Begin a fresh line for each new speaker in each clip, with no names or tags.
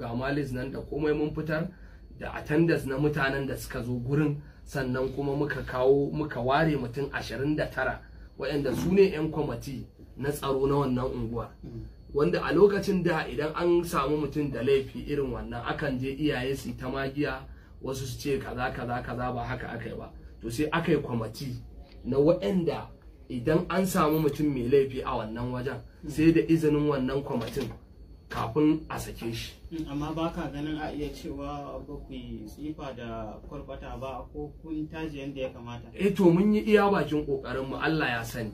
ga malis nan da komai mun fitar da attendance na mutanen da suka zo gurin sannan kuma muka kawo muka ware mutum 29 waɗanda su ne 'yan kwamati na tsaro na wannan unguwa. wanda a lokacin da idan an samu mutum da laifi irin wannan akan je iyaye su ta magiya wasu su ce kaza kaza kaza ba haka aka ba to sai aka yi kwamati na waɗanda idan an samu mutum mai laifi a wannan wajen sai da izinin wannan kwamatin kafin a sake shi
amma ba ka ganin a iya cewa ba ku tsifa da kwarbata ba ko kun taji yadda ya kamata eh to mun yi iya bakin kokarin mu
Allah ya sani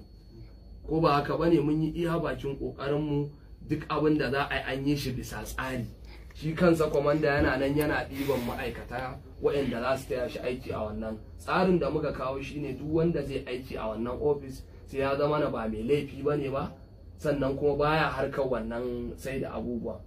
ko ba haka bane mun yi iya bakin kokarin mu duk abin da za a yi an yi shi bisa tsari shi kansa kwamanda yana nan yana ɗiban ma'aikata waɗanda za su taya shi aiki a wannan tsarin da muka kawo shine duk wanda zai aiki a wannan ofis sai ya zama na ba mai laifi bane ba sannan kuma baya harkar wannan sai da abubuwa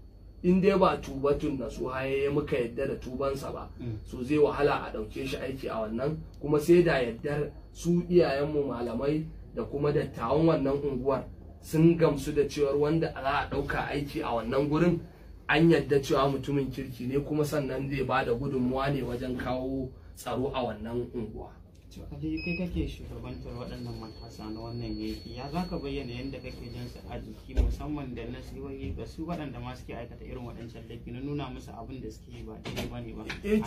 in dai ba tubatun na su haye muka yadda da tubansa ba mm. so zai wahala a ɗauke shi aiki a wannan kuma sai da yadda su iyayenmu malamai da kuma dattawan wannan unguwar sun gamsu da cewar wanda za a ɗauka aiki a wannan gurin an yadda cewa mutumin kirki ne kuma sannan zai ba da gudunmuwa ne wajen kawo tsaro a wannan unguwa.
To Ali kai kake shugabantar waɗannan matasa na wannan yanki ya za ka bayyana yadda kake jin su a jiki musamman da nasihohi ga su waɗanda ma suke aikata irin waɗancan laifi na nuna musu abin da suke ba daidai ba ne ba. Eh,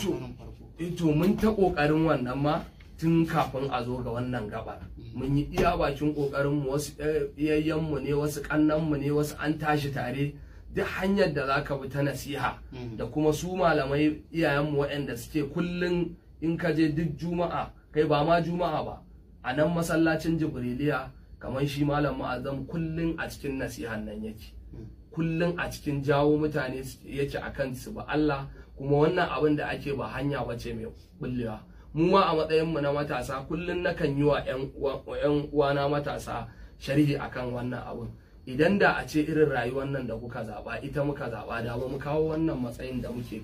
eh to mun ta ƙoƙarin wannan ma tun kafin a zo ga wannan gaba mun yi iya bakin ƙoƙarinmu wasu eh, iyayyenmu ne wasu mu ne wasu an tashi tare duk hanyar da za ka bi ta nasiha mm. da kuma su malamai iyayenmu waɗanda suke kullum in ka je duk juma'a kai ba ma juma'a ba a nan masallacin jibriliya kamar shi malam ma'azam kullun a cikin nasihan nan yake kullun a cikin jawo mutane yake akan su ba Allah kuma wannan abin da ake ba hanya bace mai bullewa mu ma a matsayin mu na matasa kullun kan yi wa ƴan uwana matasa sharhi akan wannan abin idan da a ce irin rayuwar nan da kuka zaba ita muka zaba da mu kawo wannan matsayin da muke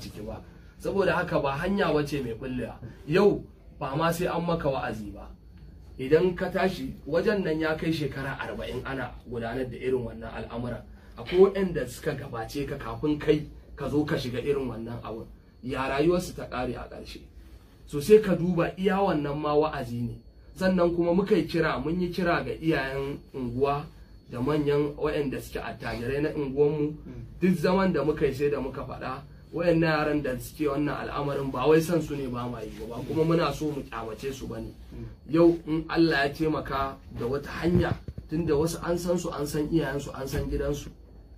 ciki ba saboda haka ba hanya bace mai bullewa yau ba ma sai an maka wa'azi ba idan ka tashi wajen nan ya kai shekara arba'in ana gudanar da irin wannan al'amura akwai waɗanda suka gabace ka kafin kai ka zo ka shiga irin wannan abun ya rayuwarsu ta ƙare a ƙarshe so sai ka duba iya wannan ma wa'azi ne sannan kuma muka yi kira mun yi kira ga iyayen unguwa da manyan waɗanda suke attajirai na unguwanmu mm. duk zaman da muka yi sai da muka faɗa wayannan yaran da suke wannan al'amarin ba wai san su ne ba ma yi ba kuma muna so mu kyamace su bane yau in Allah ya taimaka da wata hanya tunda wasu an san su an san iyayensu an san gidansu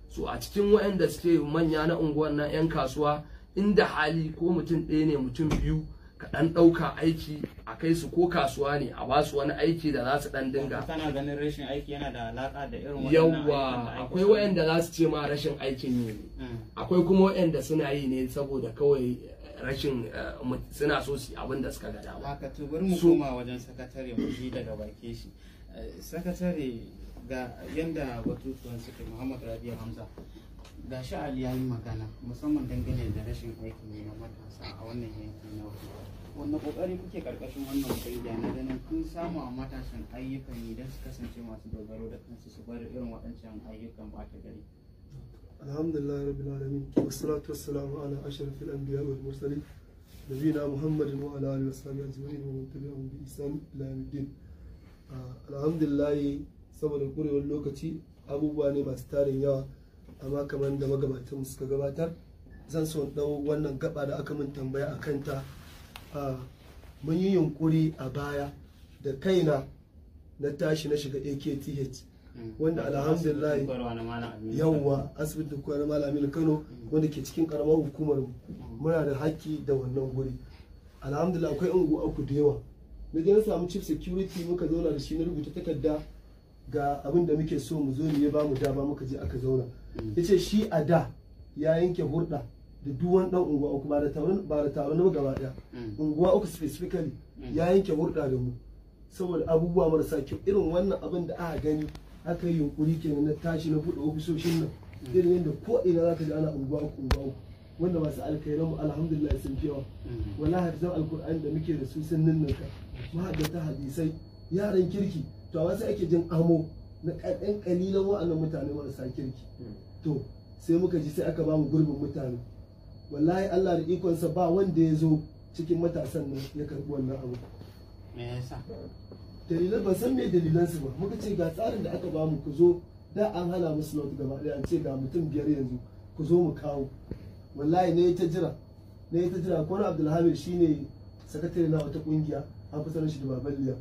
so a cikin wayanda suke manya na unguwar nan yan kasuwa inda hali ko mutum ɗaya ne mutum biyu ka ɗan ɗauka aiki a kai su ko kasuwa ne a ba su wani aiki da za su ɗan dinga kana ganin rashin aiki yana da
alaƙa da irin wannan yawa
akwai wayanda za su ce ma rashin aikin ne mm. akwai kuma wayanda suna yi ne saboda kawai eh, rashin eh, suna so su abin da suka ga dama
haka to bari mu koma wajen sakatare mu ji daga bake shi eh, sakatare ga yanda batutuwan suke Muhammad Rabi'u Hamza ga shi Ali ya yi magana musamman dangane da rashin aikin yi na matasa a wannan yanki na wanda kokari kuke karkashin wannan kungiya na ganin kun samu a matasan ayyukan yi don su kasance masu dogaro da kansu su bar irin waɗancan ayyukan ta gari
alhamdulillah rabbil alamin wassalatu wassalamu ala ashrafil anbiya wal mursalin nabiyina muhammadin wa ala alihi washabihi ajma'in wa man tabi'ahum bi ihsan ila yawmiddin ah, alhamdulillah saboda kurewar lokaci abubuwa ne masu tarin yawa amma kamar da magabatan suka gabatar zan so dau wannan gaba da aka min tambaya a kanta mun yi yunkuri a baya da kaina na tashi na shiga akth
mm. wanda alhamdulillah yawwa
asibitin kwanar malamin kano mm. wanda ke cikin karamar hukumar mm. muna da haƙƙi da wannan guri alhamdulillah akwai ungu aku da yawa na na samu chief security muka zauna da shi na rubuta takarda ga abin da muke so mu zo ne ba mu ba muka je aka zauna mm. yace shi a da ya yanke hurɗa da duk wani dan unguwa uku ba da taron ba da taron ba gaba daya mm. unguwa uku specifically mm. ya yanke hurɗa da mu saboda abubuwa marasa kyau irin wannan abin da aka gani aka yi yunkuri kenan na tashi na buɗe ofisoshin nan irin yadda ko ina zaka ji ana unguwa uku unguwa uku wanda masu alkhairan alhamdulillah sun fi yawa wallahi hafizan alkur'ani da muke da su sun da ta hadisai yaran kirki to a sai ake jin amo na ɗan ƙalilan wa'annan mutane marasa kirki to sai muka ji sai aka ba mu gurbin mutane wallahi Allah da ikonsa ba wanda ya zo cikin matasan nan ya karɓi wannan abu me yasa dalilan ban san me dalilan su ba muka ce ga tsarin da aka ba mu ku zo da an hana musu slot gaba ɗaya an ce ga mutum biyar yanzu ku zo mu kawo wallahi ne ta jira ne ta jira ko na Abdulhamid shine sakatare na wata kungiya an fi sanar shi da Baballiya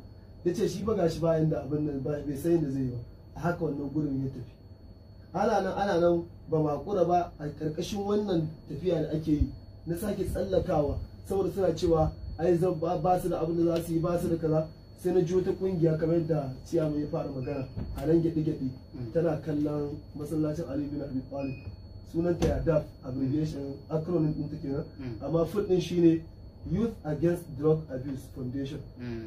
ya ce shi baga gashi bayan da abin nan bai sai da zai ba a haka wannan gurin ya tafi ana nan ana nan ba makura ba a karkashin wannan tafiya da ake yi na sake tsallakawa saboda suna cewa ai zan ba su da abin da za su yi ba su da kaza sai na ji wata kungiya kamar da ciya mai fara magana a nan gyaɗe gyaɗe tana kallon masallacin ali bin abi talib sunan ta daf abbreviation acronym din take kenan mm. amma full din shine youth against drug abuse foundation mm.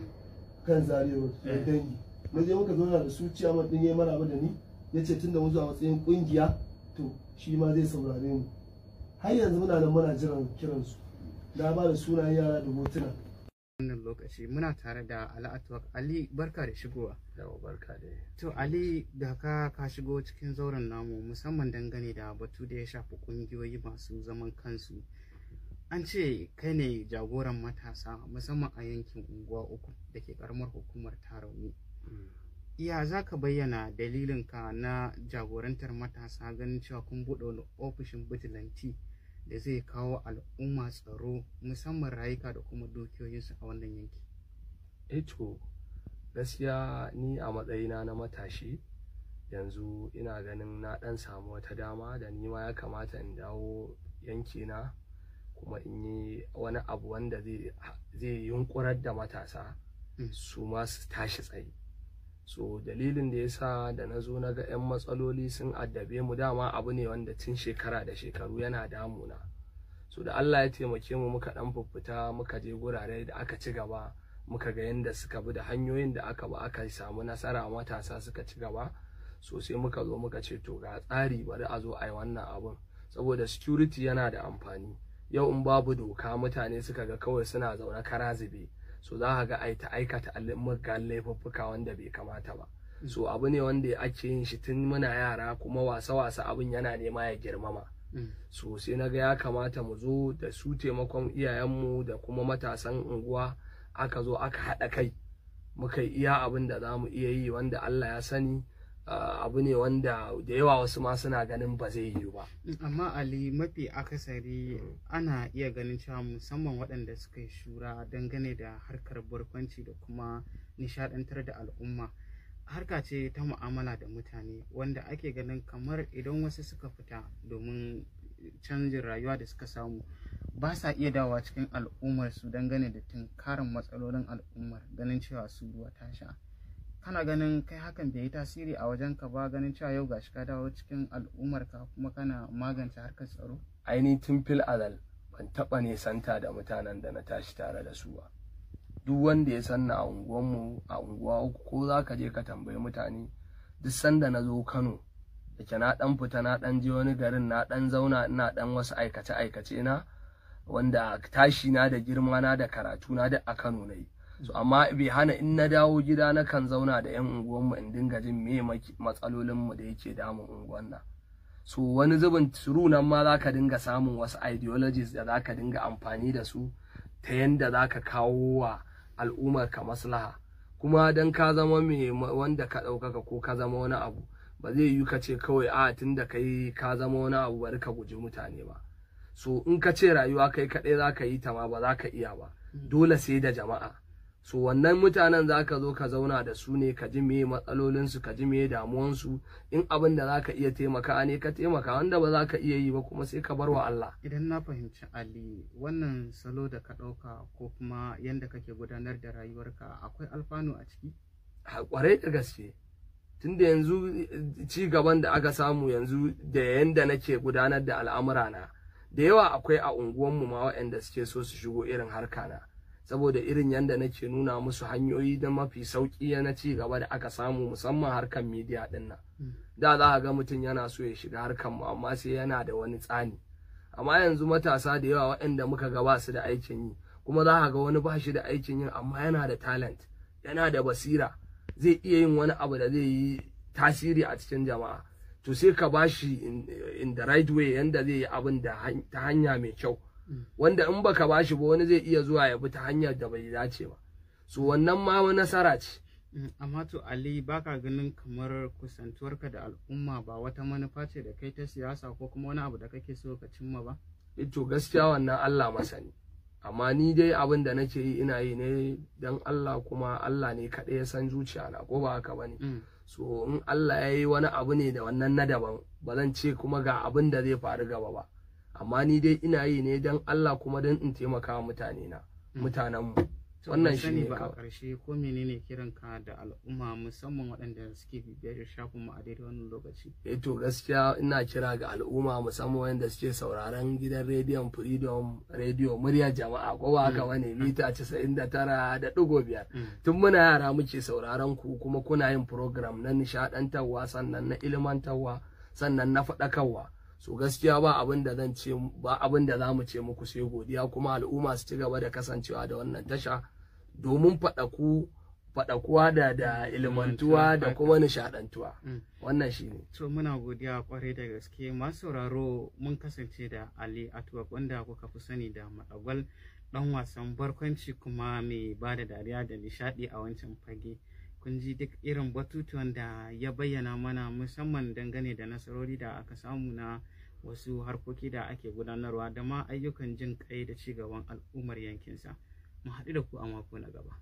kan zarewar da eh. dangi na je muka zauna da su ciya din ya mara da ni ya ce tun da mu a matsayin kungiya to shi ma zai saurare mu har yanzu muna nan muna jiran kiransu na ba da sunayen yara da hotuna
wannan lokaci muna tare da al'atuwa ali barka da shigowa yawa barka da to ali da ka ka shigo cikin zauren namu musamman dangane da batu da ya shafi kungiyoyi masu zaman kansu an ce kai ne jagoran matasa musamman a yankin unguwa uku da ke karamar hukumar tarauni iya mm. za ka bayyana dalilinka na jagorantar matasa ganin cewa kun buɗe wani ofishin bitilanti da zai kawo al'umma tsaro musamman rayuka da kuma dukiyoyinsu a wannan yanki eto eh gaskiya ni a matsayina na matashi
yanzu ina ganin na ɗan samu wata dama da nima ya kamata in dawo yankina kuma in yi wani abu wanda zai yunkurar da matasa mm. su ma su tashi tsaye so dalilin da ya sa da na zo na ga 'yan matsaloli sun addabe mu dama abu ne wanda tun shekara da shekaru yana damuna so da allah ya taimake mu muka dan fuffuta muka je gurare da aka ci gaba muka ga yadda suka bi da hanyoyin da aka ba aka samu nasara matasa suka ci gaba so sai muka zo muka ce to ga tsari bari a zo a yi wannan abun saboda security yana da amfani yau in babu doka mutane suka ga kawai suna zaune kara zube so za ka ga ai ta aikata al'ummakan laifuffuka wanda bai kamata ba so abu ne wanda ake yin shi tun muna yara kuma wasa-wasa abin yana nema ya girmama mm. so sai na ga ya kamata mu zo da su taimakon iyayenmu da kuma matasan unguwa aka zo aka haɗa kai muka iya abin da za mu iya yi wanda Allah ya sani abu ne wanda da yawa wasu ma suna ganin ba zai yiwu ba
amma ali mafi akasari ana iya ganin cewa musamman waɗanda suka yi shura dangane da harkar barkwanci da kuma nishadantar da al'umma harka ce ta mu'amala da mutane wanda ake ganin kamar idan wasu suka fita domin canjin rayuwa da suka samu ba sa iya dawowa cikin al'ummar su dangane da tunkarin matsalolin al'ummar ganin cewa su ruwa ta sha kana ganin kai hakan bai yi tasiri a wajen ka ba ganin cewa yau gashi ka dawo cikin al'ummarka kuma kana magance harkar tsaro
ainihin tun fil azal ban taɓa santa da mutanen da na tashi tare da su ba duk wanda ya sanna a unguwanmu a unguwa uku ko za ka je ka tambayi mutane duk sanda na zo kano da na ɗan fita na ɗan je wani garin na ɗan zauna ina ɗan wasu aikace aikace na wanda tashi na da girma na da karatu na duk a kano na yi so amma bai hana in na dawo gida na kan zauna da yan mu in dinga jin me matsalolinmu da yake damun unguwan nan so wani zubin turu nan ma za ka dinga samun wasu ideologies da zaka dinga amfani da su ta yanda zaka kawo wa al'ummar ka maslaha kuma dan ka zama mai wanda ka ɗaukaka ko ka zama wani abu ba zai yi ka ce kawai a tunda kai ka zama wani abu bari ka guji mutane ba so in ka ce rayuwa kai kaɗai zaka yi ta ma ba za ka iya ba hmm. dole sai da jama'a Su wannan mutanen za ka zo ka zauna da su ne ka ji me matsalolinsu ka ji me damuwansu in abin da za ka iya taimaka ne ka taimaka wanda ba za ka iya yi ba kuma sai ka bar wa Allah
idan na fahimci Ali wannan salo da ka ɗauka ko kuma yadda kake gudanar da rayuwarka akwai alfanu a ciki kwarai da gaske tunda yanzu
eh, ci gaban da aka samu yanzu da yanda nake gudanar da al'amura na. da yawa akwai a unguwanmu ma waɗanda suke so su shigo irin harka na saboda irin yanda nake nuna musu hanyoyi da mafi sauki na ci gaba da aka samu musamman harkan midiya din nan hmm. da za ga mutum yana so ya shiga harkan mu amma sai yana da wani tsani amma yanzu matasa da yawa waɗanda muka ga ba su da aikin yi kuma za ga wani ba shi da aikin yi amma yana da talent yana da basira zai iya yin wani abu da zai yi tasiri a cikin jama'a to sai ka bashi in the right way yanda zai yi abin da ta hanya mai kyau Mm. wanda in baka bashi ba wani zai iya zuwa ya bi ta hanyar da bai dace ba
so wannan ma nasara ce mm, amma to ali baka ganin kamar kusantuwarka da al'umma ba wata manufa ce da kai ta siyasa ko kuma wani abu da kake so ka cimma ba
eh to gaskiya wannan Allah masani amma ni dai abin da nake yi ina yi ne dan Allah kuma Allah ne kaɗai ya san zuciya na ko ba haka bane mm. so in Allah ya yi wani abu ne da wannan na daban ba zan ce kuma ga abin da zai faru gaba ba amma ni dai ina yi ne don Allah kuma don in taimaka wa mutane na mm. mutanenmu wannan shi ne ba a
ƙarshe ko menene kiran ka da al'umma musamman waɗanda suke bibiyar shafin mu a daidai wannan lokaci eh to
gaskiya ina kira ga al'umma musamman waɗanda suke sauraron gidan rediyon freedom radio murya jama'a ko ba haka mm. bane mita 99 da ɗigo biyar mm. tun muna yara muke sauraron ku kuma kuna yin program na nishaɗantarwa sannan na ilmantarwa sannan na faɗakarwa so gaskiya ba abin da zan ce ba abin da zamu ce muku sai godiya kuma al'umma su ci gaba da kasancewa da wannan tasha domin faɗaku faɗakuwa da da ilmantuwa da kuma nishadantuwa mm. wannan shi
ne. muna godiya kwarai da gaske masu sauraro mun kasance da Ali Atuwak wanda kuka fi sani da Madagwal ɗan wasan barkwanci kuma mai bada dariya da nishaɗi a wancan fage. kun ji duk irin batutuwan da ya bayyana mana musamman dangane da nasarori da aka samu na wasu harkoki da ake gudanarwa da ma ayyukan jin kai da cigaban al'ummar yankinsa mu haɗu da ku a mako na gaba